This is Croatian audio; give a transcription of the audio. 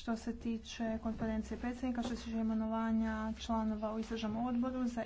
što se tiče konferencije predsjednika, što se tiče imenovanja članova u istražnom odboru za